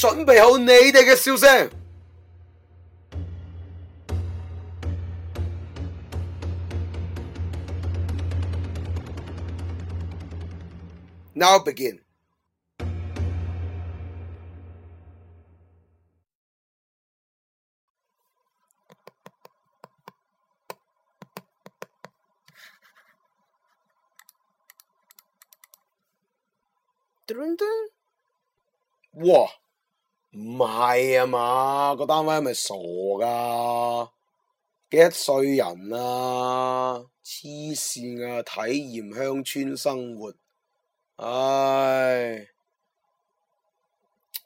準備好你哋嘅笑聲。Now begin。嘟嘟嘟，哇！唔係啊嘛，個單位係咪傻噶？幾多歲人啊？黐線啊！體驗鄉村生活，唉，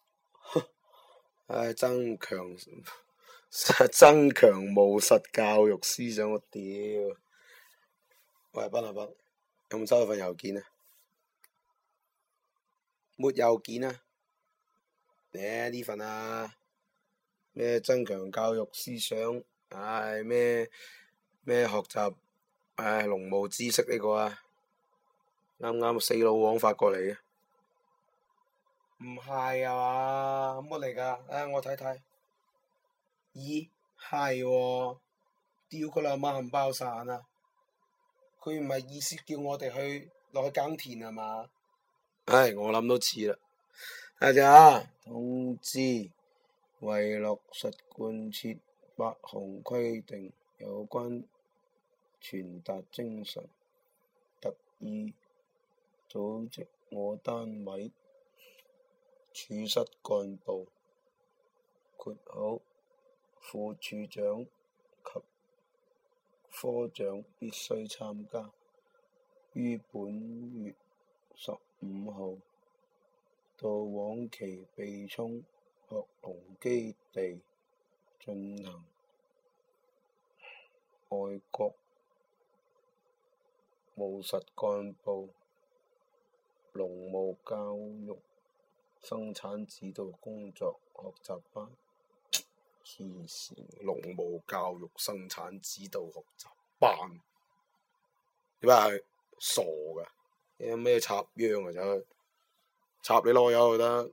唉增強 增強務實教育思想我，我屌！喂，斌啊斌，有冇收到份郵件啊？没郵件啊？呢份啊，咩增強教育思想，唉、哎，咩咩學習，唉、哎，農務知識呢個啊，啱啱死老王發過嚟嘅，唔係啊嘛，乜嚟噶？唉、哎，我睇睇，咦，係喎、哦，屌佢老母冚包散啊！佢唔係意思叫我哋去落去耕田啊嘛？唉、哎，我諗都似啦。大家通知，為落實貫徹八項規定有關傳達精神，特意組織我單位處室幹部括號副處長及科長必須參加，於本月十五號。到往期備充學農基地進行外國務實幹部農務教育生產指導工作學習班，黐線！農務教育生產指導學習班，點解係傻噶？有咩插秧啊，走去？插你老友，我得、嗯。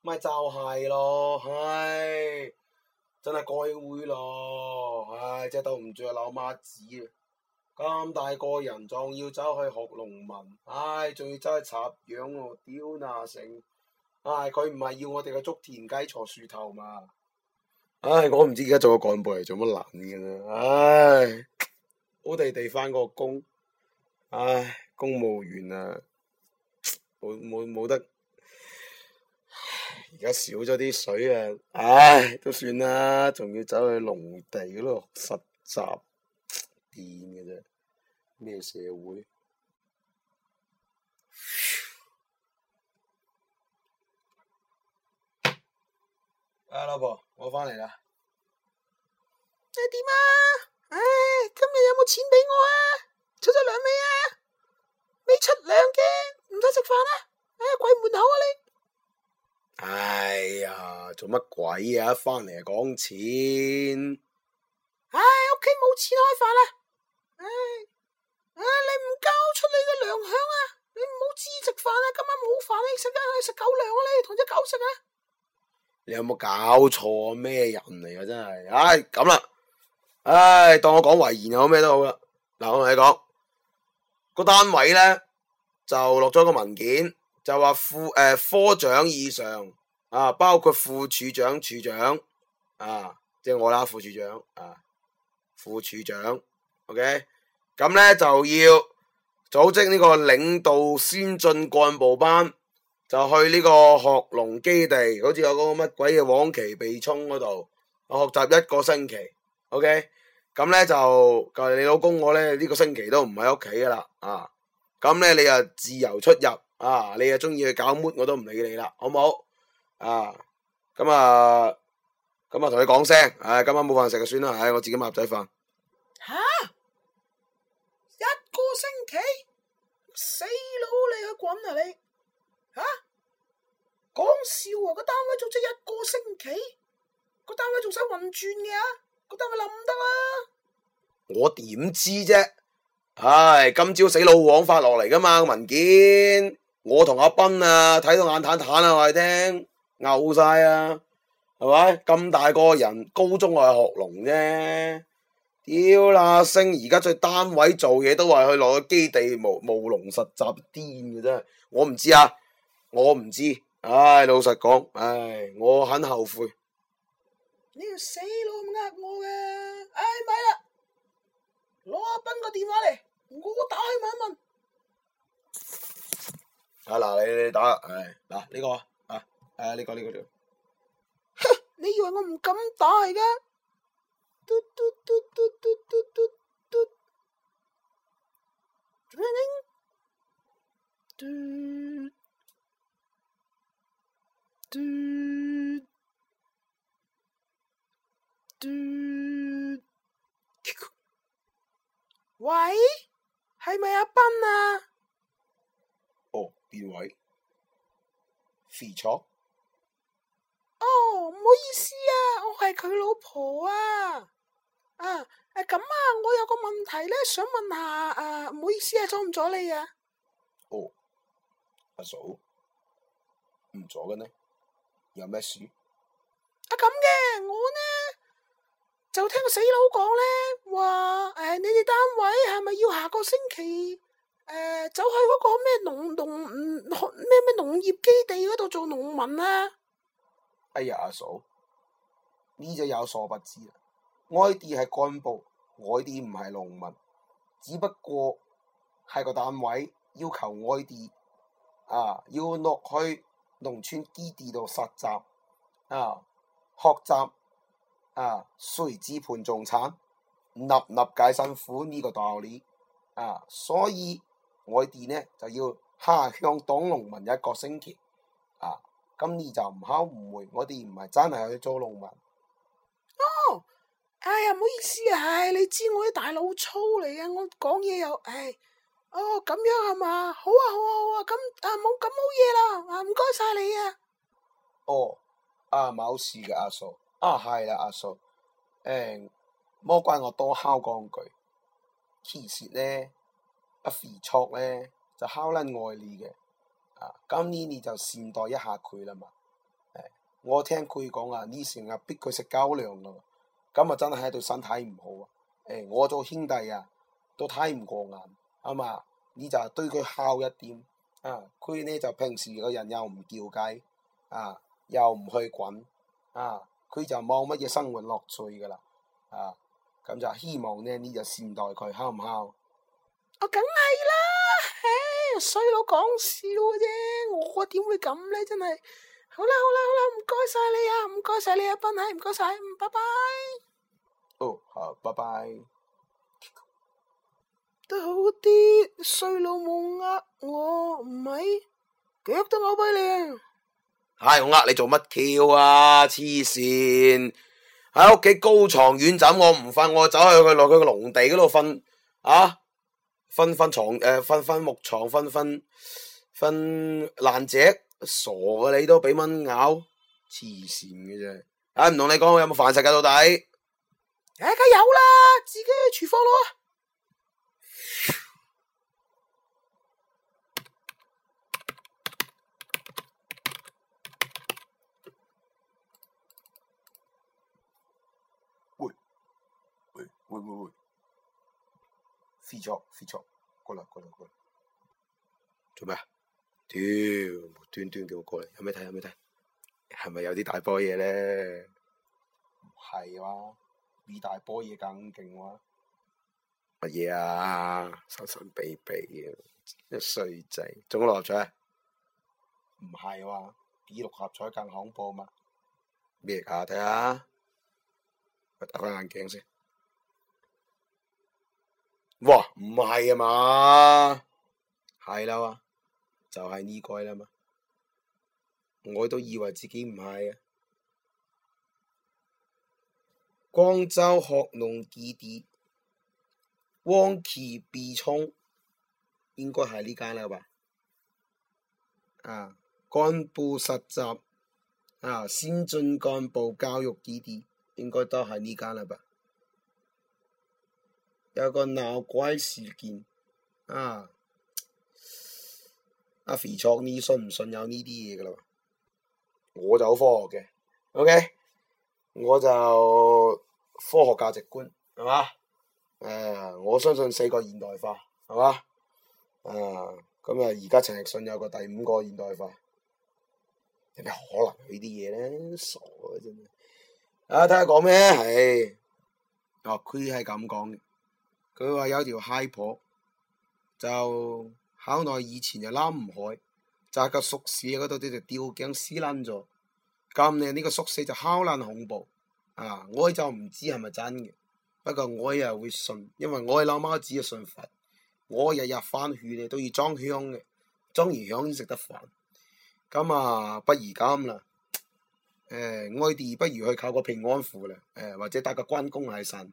咪就係、是、咯，唉，真係該會咯，唉！真係對唔住阿老媽子，咁大個人仲要走去學農民，唉！仲要走去插秧喎，屌那成！唉，佢唔係要我哋嘅捉田雞坐樹頭嘛？唉，我唔知而家做個幹部係做乜撚嘅啦，唉，好哋哋翻個工，唉，公務員啊～冇冇得，而家少咗啲水啊！唉，都算啦，仲要走去農地嗰度實習癲嘅啫。咩社會？哎，老婆，我返嚟啦！你點啊？唉，今日有冇錢畀我啊？出咗糧未啊，未出糧嘅。唔使食飯啦！喺個、啊哎、鬼門口啊你！哎呀，做乜鬼啊？一翻嚟就講錢。唉、哎，屋企冇錢開飯啦、啊！唉、哎哎，你唔交出你嘅糧餉啊！你唔好知食飯啦！今晚冇飯你食得去食狗糧啊！你同隻狗食啊！你有冇搞錯？咩人嚟噶真係？唉、哎，咁啦，唉、哎，當我講遺言有咩都好啦。嗱，我同你講，個單位咧。就落咗個文件，就話副誒、呃、科長以上啊，包括副處長、處長啊，即係我啦，副處長啊，副處長，OK，咁咧就要組織呢個領導先進幹部班，就去呢個學農基地，好似有嗰個乜鬼嘅往期被冲嗰度，學習一個星期，OK，咁咧就，誒，你老公我咧呢、呢個星期都唔喺屋企噶啦，啊。咁咧，你又自由出入啊！你又中意去搞乜我都唔理你啦，好唔好？啊，咁啊，咁啊，同你講聲，唉，今晚冇飯食就算啦，唉，我自己買盒仔飯。吓、啊，一個星期，死佬，你去滾啊你！吓、啊，講笑啊！個單位做咗一個星期，個單位仲使運轉嘅啊？個單位諗唔得啊。我點知啫？唉、哎，今朝死老王發落嚟噶嘛文件，我同阿斌啊睇到眼坦坦啊,啊,啊，我哋聽嘔晒啊，係咪咁大個人高中我係學農啫？屌啦，星而家在單位做嘢都話去落去基地務務農實習，癲嘅啫。我唔知啊，我唔知，唉，老實講，唉、哎，我很後悔。你死佬唔呃我噶，唉、哎，咪啦。攞阿斌個電話嚟，我打去問一問。啊嗱，你你打，係嗱呢個啊，誒呢個呢個料。你以為我唔敢打而家？嘟嘟嘟嘟嘟嘟嘟嘟嘟。喂，係咪阿斌啊？哦，邊位，肥楚？哦，唔好意思啊，我係佢老婆啊。啊，咁啊，啊，我有個問題咧，想問下啊，唔好意思啊，阻唔阻你啊？哦，阿嫂，唔阻嘅呢，有咩事？啊咁嘅，我呢？就聽個死佬講咧，話誒、呃，你哋單位係咪要下個星期誒、呃，走去嗰個咩農農咩咩農業基地嗰度做農民啊？哎呀，阿嫂，呢就有所不知啦。我哋係幹部，我哋唔係農民，只不過係個單位要求我哋啊要落去農村基地度實習啊學習。啊，誰知盤中餐，粒粒皆辛苦呢，這個道理啊，所以我哋呢就要下、啊、鄉當農民一個星期。啊！咁你就唔好誤會，我哋唔係真係去做農民。哦、oh, 哎，哎呀，唔好意思啊，唉、哎，你知我啲大老粗嚟啊，我講嘢又唉、哎，哦咁樣係嘛，好啊好啊好啊，咁啊冇咁冇嘢啦，啊唔該晒你啊。哦、啊，啊冇事嘅阿、啊、嫂。啊係啦，阿叔，誒、哎、魔怪我多敲講句。其實咧，阿、啊、肥畜咧就敲撚愛你嘅，啊咁呢你，你就善待一下佢啦嘛。誒、哎，我聽佢講啊，呢成日逼佢食狗糧啊，咁啊真係對身體唔好啊。誒、哎，我做兄弟啊都睇唔過眼，啊嘛，你就對佢敲一點。啊，佢呢，就平時個人又唔叫雞，啊又唔去滾，啊。佢就冇乜嘢生活樂趣噶啦，啊，咁就希望呢，你就善待佢，好唔好？我梗係啦，嘿，衰佬講笑啫，我點會咁呢？真係好啦好啦好啦，唔該晒你啊，唔該晒你阿、啊、斌，係唔該晒，拜拜。哦，好、啊，拜拜。都好啲，衰佬冇呃我唔係，腳都攞俾你。唉、哎，我呃你做乜 q 啊？黐線！喺屋企高床軟枕，我唔瞓，我走去佢落佢個農地嗰度瞓啊！瞓瞓床誒，瞓、呃、瞓木床，瞓瞓瞓爛只傻嘅、啊、你都俾蚊咬，黐線嘅啫！啊、哎，唔同你講，我有冇飯食噶到底？誒、哎，梗有啦，自己去廚房咯。會會會，飛咗飛咗，過嚟過嚟過嚟，做咩？屌、嗯，無端端叫我過嚟，有咩睇有咩睇？係咪有啲大波嘢咧？係哇、啊，比大波嘢更勁哇！乜嘢啊？神神秘秘，嘅、啊，啲衰仔中六合彩？唔係哇，比六合彩更恐怖嘛？咩㗎？睇下、啊，我打開眼鏡先。哇，唔係啊嘛，係啦哇，就係呢個啦嘛，我都以為自己唔係啊。廣州學農基地、汪琦避冲，應該係呢間喇吧？啊，幹部實習啊，先進幹部教育基地，應該都係呢間喇吧？有個鬧鬼事件啊，阿肥卓，你信唔信有呢啲嘢噶咯？我就好科學嘅，OK，我就科學價值觀係嘛，誒、啊，我相信四個現代化係嘛，誒，咁啊，而家陳奕迅有個第五個現代化，有咩可能呢啲嘢咧？傻，真係，啊，睇下講咩，誒，哦、啊，佢係咁講。佢話有條蟹婆就考耐以前就撈唔開，就係個宿舍嗰度，佢就吊頸死撚咗。咁你呢個宿舍就敲撚恐怖啊！我就唔知係咪真嘅，不過我又會信，因為我老媽子啊信佛，我日日翻去咧都要裝香嘅，裝完香先食得飯。咁啊，不如咁啦，誒、呃，我哋不如去靠個平安符啦，誒、呃，或者帶個關公嚟神。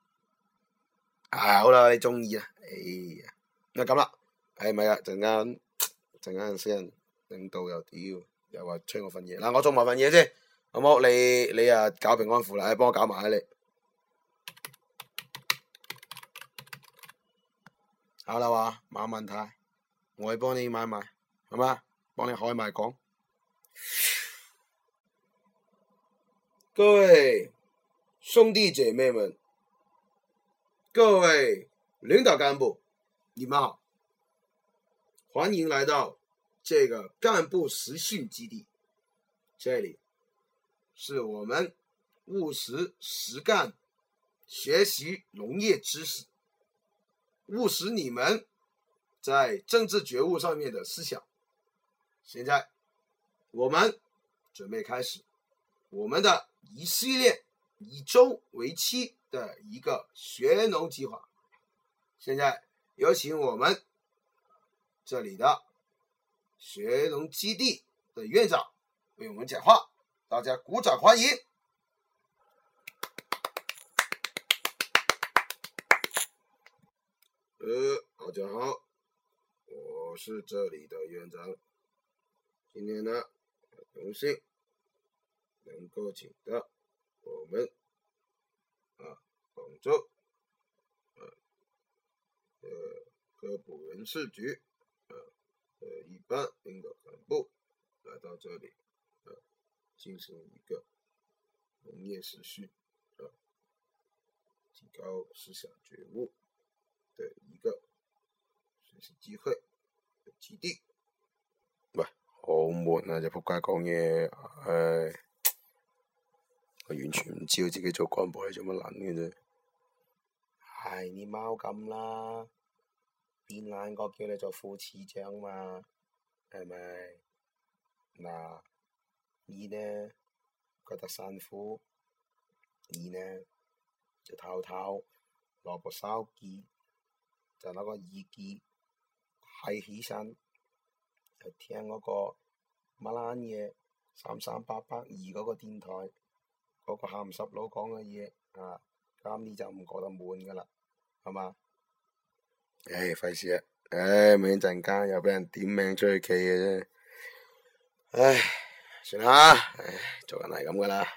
啊，好啦，你中意啊，哎呀，咁、啊、啦，誒，係咪啊，陣間，陣間先，領導又屌，又話催我份嘢，嗱，我做埋份嘢先，好唔好？你你啊，搞平安符啦，幫我搞埋啊你，好啦話，冇問題，我去幫你買埋，好嘛？幫你開埋講，各位兄弟姐妹們。各位領導幹部，你們好，歡迎來到這個幹部實訓基地。這裏是我們務實實幹、學習農業知識、務實你們在政治覺悟上面的思想。現在我們準備開始我們的一系列。以週為期的一個學農計劃，現在有請我們這裏的學農基地的院長為我們講話，大家鼓掌歡迎。呃，大家好，我是這裏的院長，今天呢，很榮幸能夠請到。我們啊，廣州， 啊，呃，各部人事局，呃，嘅、呃、一般領導幹部來到這裏，啊、呃，進行一個農業實訓，啊，提高思想覺悟的一個學習機會基地。喂，好悶啊！就仆街講嘢，誒、哎。完全唔知道自己做幹部係做乜撚嘅啫，係、哎、你貓咁啦，變兩個叫你做副處長嘛，係咪？嗱，二呢覺得辛苦；二呢就偷偷攞部手機，就攞個耳機係起身，就聽嗰、那個乜撚嘢三三八八二嗰個電台。嗰個鹹濕佬講嘅嘢啊，啱啲就唔覺得悶噶啦，係嘛？唉、哎，費事啦，唉、哎，咪一陣間又俾人點名出去企嘅啫，唉、哎，算啦，唉、哎，做人係咁噶啦，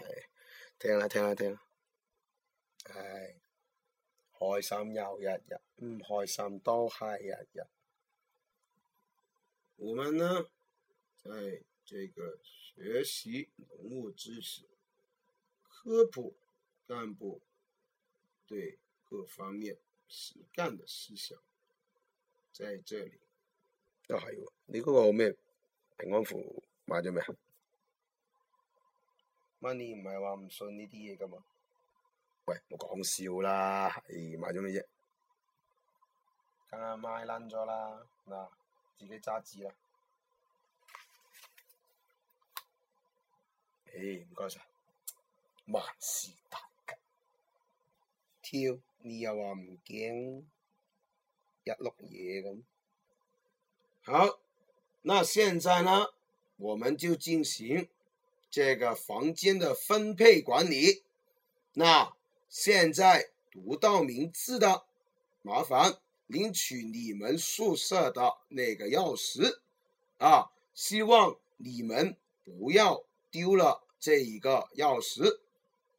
聽啦聽啦聽，唉、哎，開心又一日，唔開心都係一日。我們呢，在這個學習文物知識。科普幹部對各方面實幹的思想，在這裏都係喎。你嗰個咩平安符買咗咩啊？媽，你唔係話唔信呢啲嘢㗎嘛？喂，冇講笑啦，係、哎、買咗咩啫？啱啱買爛咗啦，嗱，自己揸住啦。誒、哎，唔該晒。萬事大吉，跳，你又話唔驚一碌嘢咁。好，那現在呢，我們就進行這個房間的分配管理。那現在讀到名字的，麻煩領取你們宿舍的那個鑰匙。啊，希望你們不要丟了這一個鑰匙。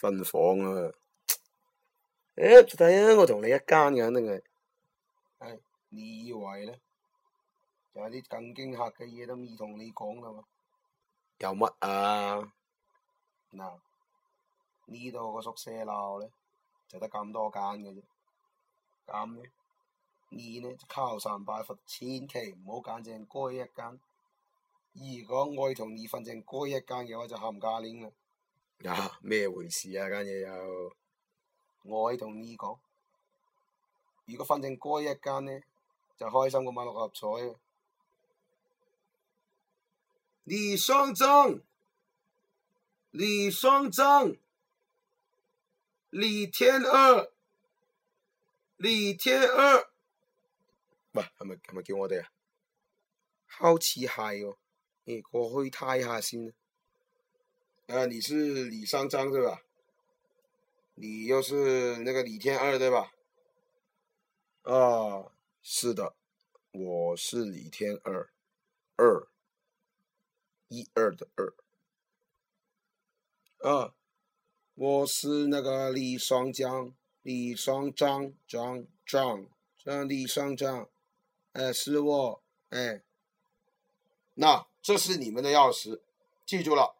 分房啊！誒，睇啊！我同你一間嘅，肯定係。係、哎，你以為咧？有啲更驚嚇嘅嘢都未同你講咯。有乜啊？嗱，呢度個宿舍樓咧，就得咁多間嘅啫。咁呢？你咧就靠三拜佛，千祈唔好揀正該一間。如果我同你分正該一間嘅話，就冚家拎啦。有咩、啊、回事啊？間嘢有。我同呢講，如果反正嗰一間呢，就開心嘅，買六合彩。李雙增、李雙增、李天二、李天二，喂、啊，係咪係咪叫我哋啊？好似係喎，誒、欸，過去睇下先。啊、呃，你是李雙江對吧？你又是那個李天二對吧？啊、呃，是的，我是李天二，二，一二的二。啊、呃，我是那個李雙江，李雙江，張張，張，李雙江，誒、呃，是我，哎。那這是你們的鑰匙，記住了。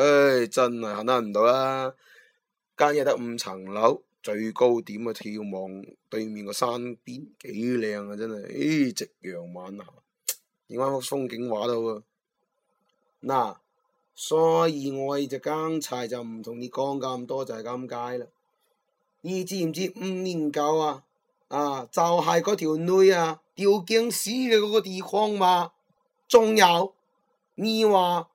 唉，真係行得唔到啦！間嘢得五層樓，最高點啊，眺望對面個山邊，幾靚啊！真係，誒，夕陽晚霞，點解幅風景畫到嗱，所以我哋隻奸賊就唔同你講咁多，就係咁解啦。你知唔知五年九啊？啊，就係嗰條女啊，吊頸屎嘅嗰個地方嘛。仲有，你話？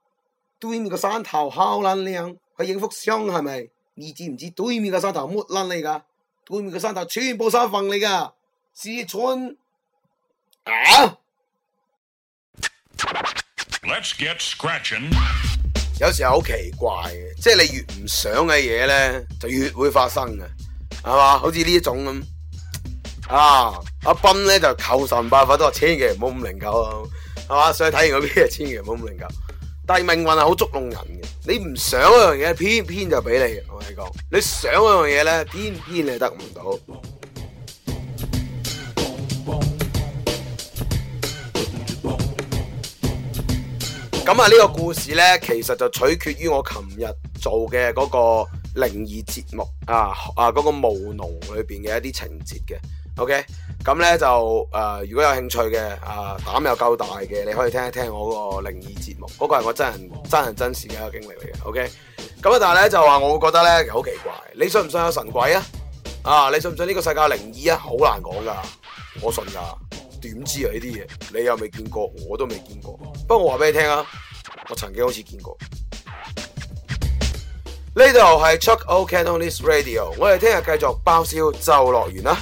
對面個山頭好靚靚，去影幅相係咪？你知唔知對面個山頭抹靚你噶？對面個山頭全部山墳，你噶，思村。啊？Let's get scratching。有時候好奇怪嘅，即係你越唔想嘅嘢咧，就越會發生嘅，係嘛？好似呢一種咁，啊，阿斌咧就求神拜佛都話千祈唔好五零九啊，係嘛？所以睇完嗰啲嘢，千祈唔好五零九。但係命運係好捉弄人嘅，你唔想嗰樣嘢，偏偏就俾你。我係講你，你想嗰樣嘢咧，偏偏你得唔到。咁啊，呢 個故事咧，其實就取決於我琴日做嘅嗰個靈異節目啊啊嗰、那個霧農裏邊嘅一啲情節嘅。O K。咁咧就誒、呃，如果有興趣嘅，啊、呃、膽又夠大嘅，你可以聽一聽我嗰個靈異節目，嗰、那個係我真人真人真事嘅一個經歷嚟嘅。OK，咁啊，但係咧就話我會覺得咧好奇怪，你信唔信有神鬼啊？啊，你信唔信呢個世界靈異啊？好難講㗎，我信㗎，點知啊呢啲嘢？你又未見過，我都未見過。不過我話俾你聽啊，我曾經好似見過。呢度係 Chuck O'Kendall's Radio，我哋聽日繼續爆笑就樂園啦。